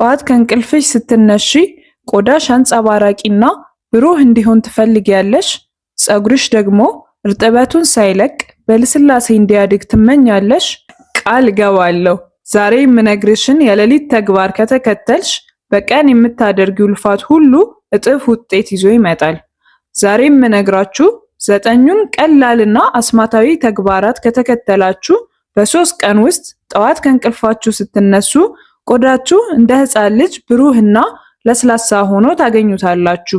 ጠዋት ከእንቅልፍሽ ስትነሺ ቆዳሽ አንጸባራቂና ብሩህ እንዲሆን ትፈልጊያለሽ። ጸጉርሽ ደግሞ እርጥበቱን ሳይለቅ በልስላሴ እንዲያድግ ትመኛለሽ። ቃል ገባለሁ ዛሬ የምነግርሽን የሌሊት ተግባር ከተከተልሽ በቀን የምታደርጊው ልፋት ሁሉ እጥፍ ውጤት ይዞ ይመጣል። ዛሬ የምነግራችሁ ዘጠኙን ቀላልና አስማታዊ ተግባራት ከተከተላችሁ በሶስት ቀን ውስጥ ጠዋት ከእንቅልፋችሁ ስትነሱ ቆዳችሁ እንደ ህፃን ልጅ ብሩህና ለስላሳ ሆኖ ታገኙታላችሁ።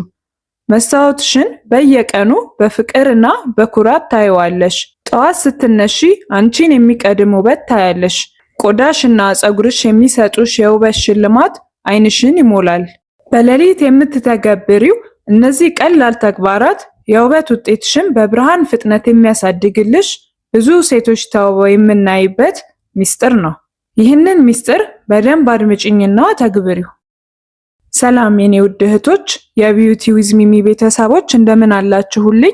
መስታወትሽን በየቀኑ በፍቅርና በኩራት ታይዋለሽ። ጠዋት ስትነሺ አንቺን የሚቀድም ውበት ታያለሽ። ቆዳሽና ፀጉርሽ የሚሰጡሽ የውበት ሽልማት አይንሽን ይሞላል። በሌሊት የምትተገብሪው እነዚህ ቀላል ተግባራት የውበት ውጤትሽን በብርሃን ፍጥነት የሚያሳድግልሽ ብዙ ሴቶች ተውበው የምናይበት ሚስጥር ነው። ይህንን ሚስጥር በደንብ አድምጭኝና ተግብሪው። ሰላም የኔ ውድ እህቶች የቢዩቲ ዊዝ ሚሚ ቤተሰቦች እንደምን አላችሁልኝ?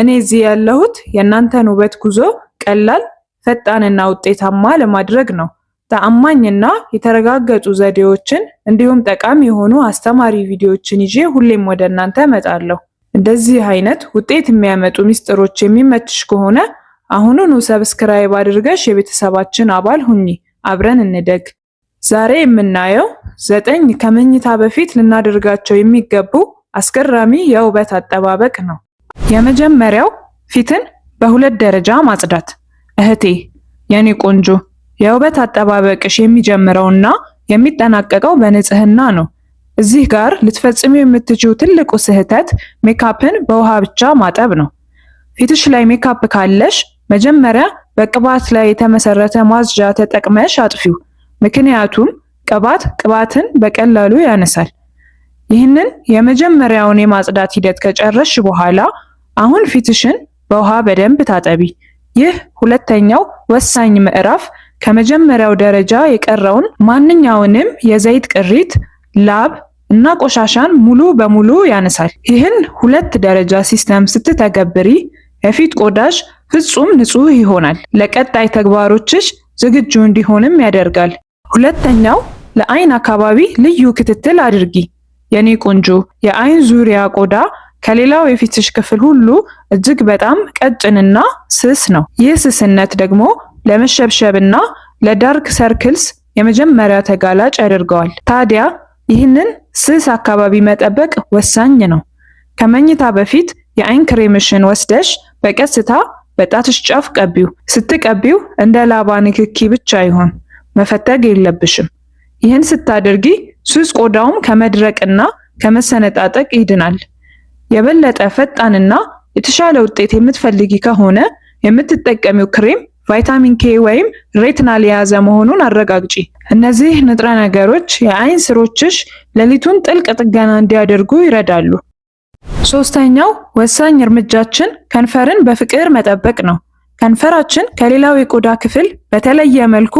እኔ እዚህ ያለሁት የእናንተን ውበት ጉዞ ቀላል፣ ፈጣንና ውጤታማ ለማድረግ ነው። ተአማኝና የተረጋገጡ ዘዴዎችን እንዲሁም ጠቃሚ የሆኑ አስተማሪ ቪዲዮዎችን ይዤ ሁሌም ወደ እናንተ እመጣለሁ። እንደዚህ አይነት ውጤት የሚያመጡ ሚስጥሮች የሚመችሽ ከሆነ አሁኑኑ ሰብስክራይብ አድርገሽ የቤተሰባችን አባል ሁኚ። አብረን እንደግ። ዛሬ የምናየው ዘጠኝ ከመኝታ በፊት ልናደርጋቸው የሚገቡ አስገራሚ የውበት አጠባበቅ ነው። የመጀመሪያው ፊትን በሁለት ደረጃ ማጽዳት። እህቴ፣ የኔ ቆንጆ፣ የውበት አጠባበቅሽ የሚጀምረውና የሚጠናቀቀው በንጽህና ነው። እዚህ ጋር ልትፈጽሙ የምትችው ትልቁ ስህተት ሜካፕን በውሃ ብቻ ማጠብ ነው። ፊትሽ ላይ ሜካፕ ካለሽ መጀመሪያ በቅባት ላይ የተመሰረተ ማጽጃ ተጠቅመሽ አጥፊው። ምክንያቱም ቅባት ቅባትን በቀላሉ ያነሳል። ይህንን የመጀመሪያውን የማጽዳት ሂደት ከጨረሽ በኋላ አሁን ፊትሽን በውሃ በደንብ ታጠቢ። ይህ ሁለተኛው ወሳኝ ምዕራፍ ከመጀመሪያው ደረጃ የቀረውን ማንኛውንም የዘይት ቅሪት፣ ላብ እና ቆሻሻን ሙሉ በሙሉ ያነሳል። ይህን ሁለት ደረጃ ሲስተም ስትተገብሪ የፊት ቆዳሽ ፍጹም ንጹህ ይሆናል። ለቀጣይ ተግባሮችሽ ዝግጁ እንዲሆንም ያደርጋል። ሁለተኛው ለአይን አካባቢ ልዩ ክትትል አድርጊ። የኔ ቆንጆ የአይን ዙሪያ ቆዳ ከሌላው የፊትሽ ክፍል ሁሉ እጅግ በጣም ቀጭንና ስስ ነው። ይህ ስስነት ደግሞ ለመሸብሸብና ለዳርክ ሰርክልስ የመጀመሪያ ተጋላጭ ያደርገዋል። ታዲያ ይህንን ስስ አካባቢ መጠበቅ ወሳኝ ነው። ከመኝታ በፊት የአይን ክሬምሽን ወስደሽ በቀስታ በጣትሽ ጫፍ ቀቢው። ስትቀቢው እንደ ላባ ንክኪ ብቻ ይሆን መፈተግ የለብሽም። ይህን ስታደርጊ ስስ ቆዳውም ከመድረቅና ከመሰነጣጠቅ ይድናል። የበለጠ ፈጣንና የተሻለ ውጤት የምትፈልጊ ከሆነ የምትጠቀሚው ክሬም ቫይታሚን ኬ ወይም ሬትናል የያዘ መሆኑን አረጋግጪ። እነዚህ ንጥረ ነገሮች የአይን ስሮችሽ ሌሊቱን ጥልቅ ጥገና እንዲያደርጉ ይረዳሉ። ሶስተኛው ወሳኝ እርምጃችን ከንፈርን በፍቅር መጠበቅ ነው። ከንፈራችን ከሌላው የቆዳ ክፍል በተለየ መልኩ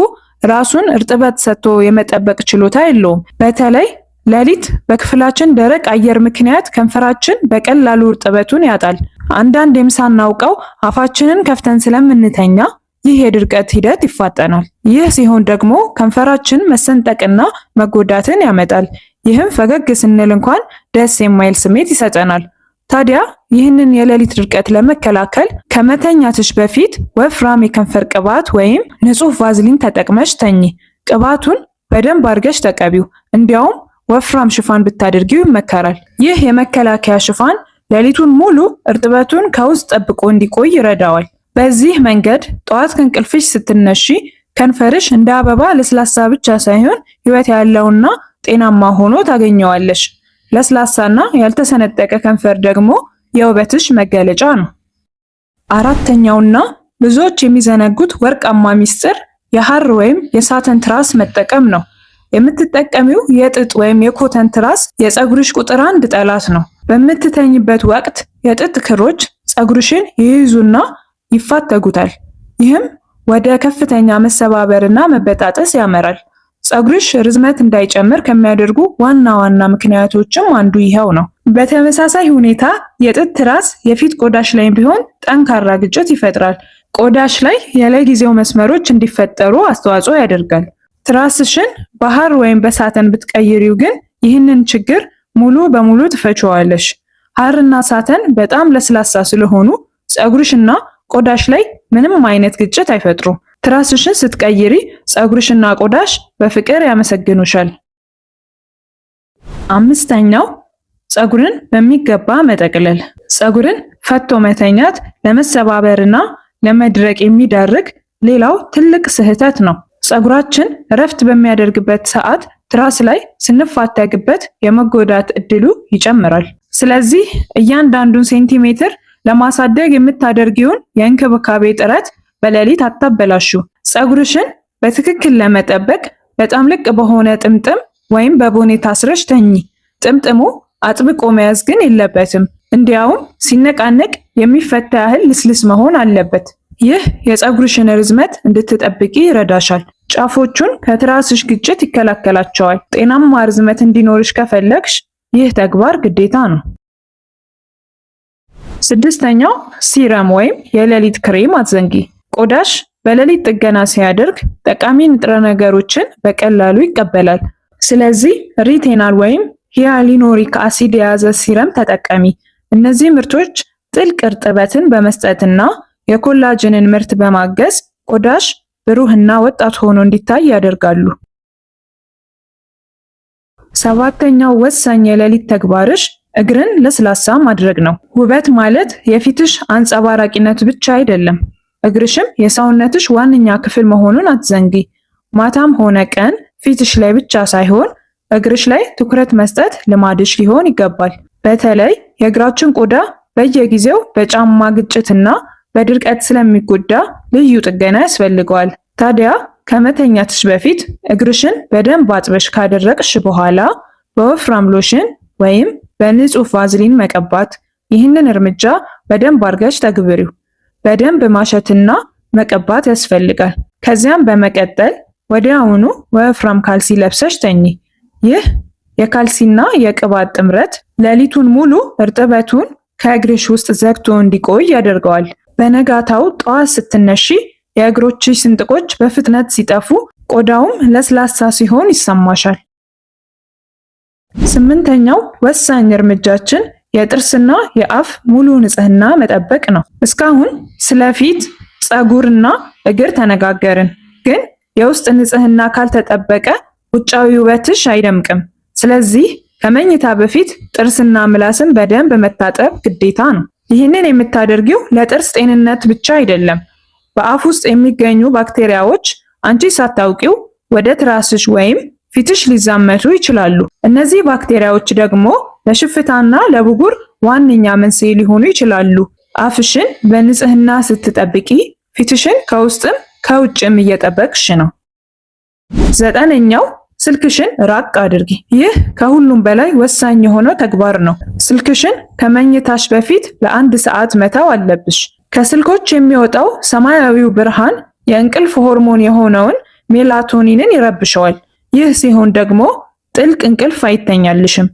ራሱን እርጥበት ሰጥቶ የመጠበቅ ችሎታ የለውም። በተለይ ሌሊት በክፍላችን ደረቅ አየር ምክንያት ከንፈራችን በቀላሉ እርጥበቱን ያጣል። አንዳንዴም ሳናውቀው አፋችንን ከፍተን ስለምንተኛ ይህ የድርቀት ሂደት ይፋጠናል። ይህ ሲሆን ደግሞ ከንፈራችን መሰንጠቅና መጎዳትን ያመጣል። ይህም ፈገግ ስንል እንኳን ደስ የማይል ስሜት ይሰጠናል። ታዲያ ይህንን የሌሊት ድርቀት ለመከላከል ከመተኛትሽ በፊት ወፍራም የከንፈር ቅባት ወይም ንጹህ ቫዝሊን ተጠቅመሽ ተኚ። ቅባቱን በደንብ አድርገሽ ተቀቢው። እንዲያውም ወፍራም ሽፋን ብታደርጊው ይመከራል። ይህ የመከላከያ ሽፋን ሌሊቱን ሙሉ እርጥበቱን ከውስጥ ጠብቆ እንዲቆይ ይረዳዋል። በዚህ መንገድ ጠዋት ከእንቅልፍሽ ስትነሺ ከንፈርሽ እንደ አበባ ለስላሳ ብቻ ሳይሆን ሕይወት ያለውና ጤናማ ሆኖ ታገኘዋለሽ። ለስላሳና ያልተሰነጠቀ ከንፈር ደግሞ የውበትሽ መገለጫ ነው። አራተኛውና ብዙዎች የሚዘነጉት ወርቃማ ሚስጥር የሐር ወይም የሳተን ትራስ መጠቀም ነው። የምትጠቀሚው የጥጥ ወይም የኮተን ትራስ የፀጉርሽ ቁጥር አንድ ጠላት ነው። በምትተኝበት ወቅት የጥጥ ክሮች ፀጉርሽን ይይዙና ይፋተጉታል። ይህም ወደ ከፍተኛ መሰባበርና መበጣጠስ ያመራል። ፀጉርሽ ርዝመት እንዳይጨምር ከሚያደርጉ ዋና ዋና ምክንያቶችም አንዱ ይኸው ነው። በተመሳሳይ ሁኔታ የጥጥ ትራስ የፊት ቆዳሽ ላይ ቢሆን ጠንካራ ግጭት ይፈጥራል። ቆዳሽ ላይ ያለጊዜው መስመሮች እንዲፈጠሩ አስተዋጽኦ ያደርጋል። ትራስሽን ባህር ወይም በሳተን ብትቀይሪው ግን ይህንን ችግር ሙሉ በሙሉ ትፈችዋለሽ። ሐርና ሳተን በጣም ለስላሳ ስለሆኑ ፀጉርሽ እና ቆዳሽ ላይ ምንም አይነት ግጭት አይፈጥሩም። ትራስሽን ስትቀይሪ ፀጉርሽና ቆዳሽ በፍቅር ያመሰግኑሻል። አምስተኛው ፀጉርን በሚገባ መጠቅለል። ፀጉርን ፈቶ መተኛት ለመሰባበርና ለመድረቅ የሚዳርግ ሌላው ትልቅ ስህተት ነው። ፀጉራችን እረፍት በሚያደርግበት ሰዓት ትራስ ላይ ስንፋተግበት የመጎዳት እድሉ ይጨምራል። ስለዚህ እያንዳንዱን ሴንቲሜትር ለማሳደግ የምታደርጊውን የእንክብካቤ ጥረት በሌሊት አታበላሹ። ፀጉርሽን በትክክል ለመጠበቅ በጣም ልቅ በሆነ ጥምጥም ወይም በቦኔ ታስረሽ ተኚ። ጥምጥሙ አጥብቆ መያዝ ግን የለበትም። እንዲያውም ሲነቃነቅ የሚፈታ ያህል ልስልስ መሆን አለበት። ይህ የፀጉርሽን ርዝመት እንድትጠብቂ ይረዳሻል። ጫፎቹን ከትራስሽ ግጭት ይከላከላቸዋል። ጤናማ ርዝመት እንዲኖርሽ ከፈለግሽ ይህ ተግባር ግዴታ ነው። ስድስተኛው ሲረም ወይም የሌሊት ክሬም አትዘንጊ። ቆዳሽ በሌሊት ጥገና ሲያደርግ ጠቃሚ ንጥረ ነገሮችን በቀላሉ ይቀበላል። ስለዚህ ሪቴናል ወይም ሂያሊኖሪክ አሲድ የያዘ ሲረም ተጠቀሚ። እነዚህ ምርቶች ጥልቅ እርጥበትን በመስጠትና የኮላጅንን ምርት በማገዝ ቆዳሽ ብሩህና ወጣት ሆኖ እንዲታይ ያደርጋሉ። ሰባተኛው ወሳኝ የሌሊት ተግባርሽ እግርን ለስላሳ ማድረግ ነው። ውበት ማለት የፊትሽ አንጸባራቂነት ብቻ አይደለም። እግርሽም የሰውነትሽ ዋነኛ ክፍል መሆኑን አትዘንጊ። ማታም ሆነ ቀን ፊትሽ ላይ ብቻ ሳይሆን እግርሽ ላይ ትኩረት መስጠት ልማድሽ ሊሆን ይገባል። በተለይ የእግራችን ቆዳ በየጊዜው በጫማ ግጭትና በድርቀት ስለሚጎዳ ልዩ ጥገና ያስፈልገዋል። ታዲያ ከመተኛትሽ በፊት እግርሽን በደንብ አጥበሽ ካደረቅሽ በኋላ በወፍራም ሎሽን ወይም በንጹህ ቫዝሊን መቀባት። ይህንን እርምጃ በደንብ አድርገሽ ተግብሪው። በደንብ ማሸትና መቀባት ያስፈልጋል። ከዚያም በመቀጠል ወዲያውኑ ወፍራም ካልሲ ለብሰሽ ተኚ። ይህ የካልሲና የቅባት ጥምረት ሌሊቱን ሙሉ እርጥበቱን ከእግርሽ ውስጥ ዘግቶ እንዲቆይ ያደርገዋል። በነጋታው ጠዋት ስትነሺ የእግሮችሽ ስንጥቆች በፍጥነት ሲጠፉ፣ ቆዳውም ለስላሳ ሲሆን ይሰማሻል። ስምንተኛው ወሳኝ እርምጃችን የጥርስና የአፍ ሙሉ ንጽህና መጠበቅ ነው። እስካሁን ስለ ፊት፣ ጸጉርና እግር ተነጋገርን፣ ግን የውስጥ ንጽህና ካልተጠበቀ ውጫዊ ውበትሽ አይደምቅም። ስለዚህ ከመኝታ በፊት ጥርስና ምላስን በደንብ መታጠብ ግዴታ ነው። ይህንን የምታደርጊው ለጥርስ ጤንነት ብቻ አይደለም። በአፍ ውስጥ የሚገኙ ባክቴሪያዎች አንቺ ሳታውቂው ወደ ትራስሽ ወይም ፊትሽ ሊዛመቱ ይችላሉ። እነዚህ ባክቴሪያዎች ደግሞ ለሽፍታና ለብጉር ዋነኛ መንስኤ ሊሆኑ ይችላሉ። አፍሽን በንጽህና ስትጠብቂ ፊትሽን ከውስጥም ከውጭም እየጠበቅሽ ነው። ዘጠነኛው ስልክሽን ራቅ አድርጊ። ይህ ከሁሉም በላይ ወሳኝ የሆነ ተግባር ነው። ስልክሽን ከመኝታሽ በፊት ለአንድ ሰዓት መተው አለብሽ። ከስልኮች የሚወጣው ሰማያዊው ብርሃን የእንቅልፍ ሆርሞን የሆነውን ሜላቶኒንን ይረብሸዋል። ይህ ሲሆን ደግሞ ጥልቅ እንቅልፍ አይተኛልሽም።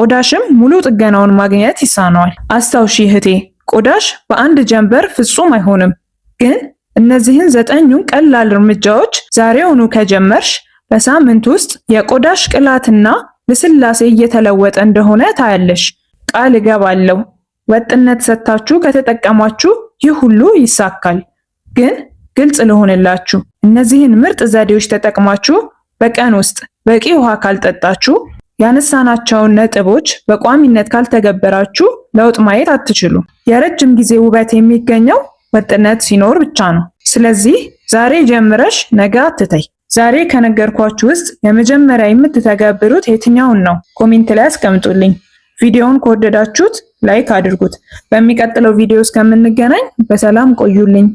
ቆዳሽም ሙሉ ጥገናውን ማግኘት ይሳነዋል። አስታውሺ እህቴ፣ ቆዳሽ በአንድ ጀንበር ፍጹም አይሆንም፣ ግን እነዚህን ዘጠኙን ቀላል እርምጃዎች ዛሬውኑ ከጀመርሽ በሳምንት ውስጥ የቆዳሽ ቅላትና ልስላሴ እየተለወጠ እንደሆነ ታያለሽ። ቃል እገባለሁ። ወጥነት ሰጥታችሁ ከተጠቀማችሁ ይህ ሁሉ ይሳካል። ግን ግልጽ ልሆንላችሁ፣ እነዚህን ምርጥ ዘዴዎች ተጠቅማችሁ በቀን ውስጥ በቂ ውሃ ካልጠጣችሁ ያነሳናቸውን ነጥቦች በቋሚነት ካልተገበራችሁ ለውጥ ማየት አትችሉም። የረጅም ጊዜ ውበት የሚገኘው ወጥነት ሲኖር ብቻ ነው። ስለዚህ ዛሬ ጀምረሽ ነገ አትተይ። ዛሬ ከነገርኳችሁ ውስጥ የመጀመሪያ የምትተገብሩት የትኛውን ነው? ኮሜንት ላይ አስቀምጡልኝ። ቪዲዮውን ከወደዳችሁት ላይክ አድርጉት። በሚቀጥለው ቪዲዮ እስከምንገናኝ በሰላም ቆዩልኝ።